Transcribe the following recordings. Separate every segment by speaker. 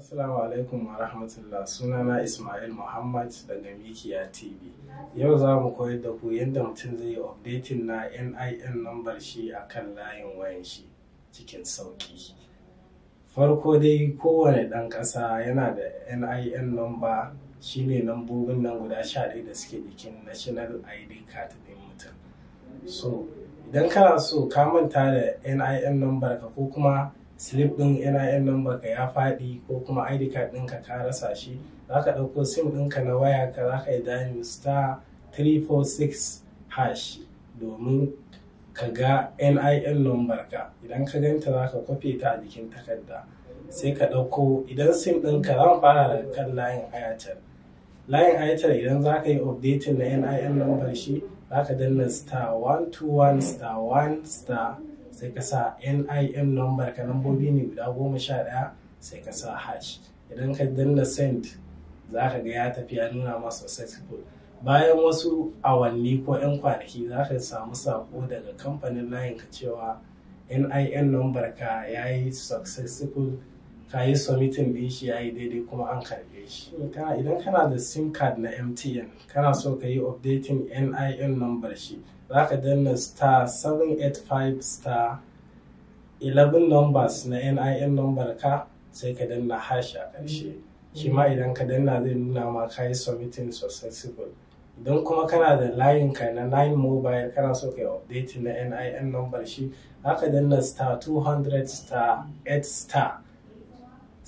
Speaker 1: Assalamu alaikum wa rahmatullah sunana Ismail Muhammad daga Mikiya TV. Yau za mu koyar da ku yadda mutum zai yi updating na NIN nambar shi a kan layin wayan shi cikin sauki Farko dai kowane ɗan ƙasa yana da NIN number shine lambobin nan guda sha ɗaya da suke jikin National ID Card ɗin mutum. So, idan kana so ka manta da NIN number ka ko kuma slip ɗin NIN number ka ya faɗi ko kuma ID card ɗinka ka rasa shi za ka ɗauko sim ɗinka na waya ka za ka yi dial star 346 hash domin ka ga NIN number ka idan ka ganta za ka kwafe ta a jikin takarda sai ka ɗauko idan sim ɗinka zan fara daga kan layin ayatar layin ayatar idan za ka yi updating na NIN number shi za ka danna star 121 star 1 star sai ka sa nim number ka lambobi ne guda goma sha ɗaya sai ka sa hash idan ka danna send za ka ga ya tafi ya nuna ma successful bayan wasu awanni ko 'yan kwanaki za ka samu sako daga kamfanin layin ka cewa nin number ka ya yi successful ka yi submitting din shi ya yi daidai kuma an karbe shi idan kana da sim card na mtn kana so ka yi updating nin number shi za ka danna star 785 star 11 numbers na nin number ka sai ka danna hash a karshe shi ma idan ka danna zai nuna ma ka yi submitting successful idan kuma kana da layin ka na nine mobile kana so ka yi updating na nin number shi za ka danna star 200 star 8 star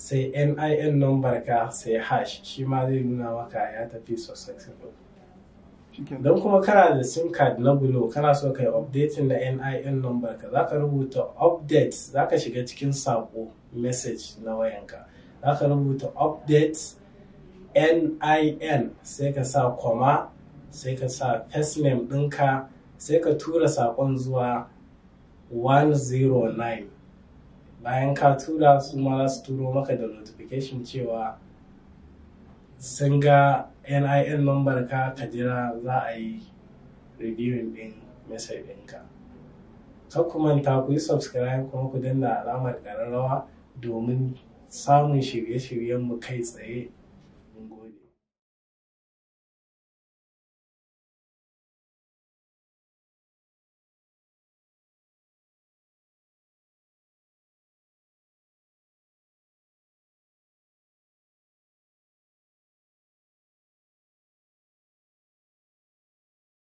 Speaker 1: sai NIN number ka sai hash shi ma zai nuna maka ya tafi successful don kuma kana da sim card na bulo kana so kai updating na NIN number ka zaka rubuta update zaka shiga cikin sako message na wayanka zaka rubuta update NIN sai ka sa comma sai ka sa first name ɗinka sai ka tura sakon zuwa 109 bayan ka tura su ma za su turo maka da notification cewa sun ga NIN number ka ka jira za a yi reviewing din message ɗinka. ka kuma ta ku yi subscribe kuma ku danna alamar ƙararrawa domin samun shirye shiryen mu kai tsaye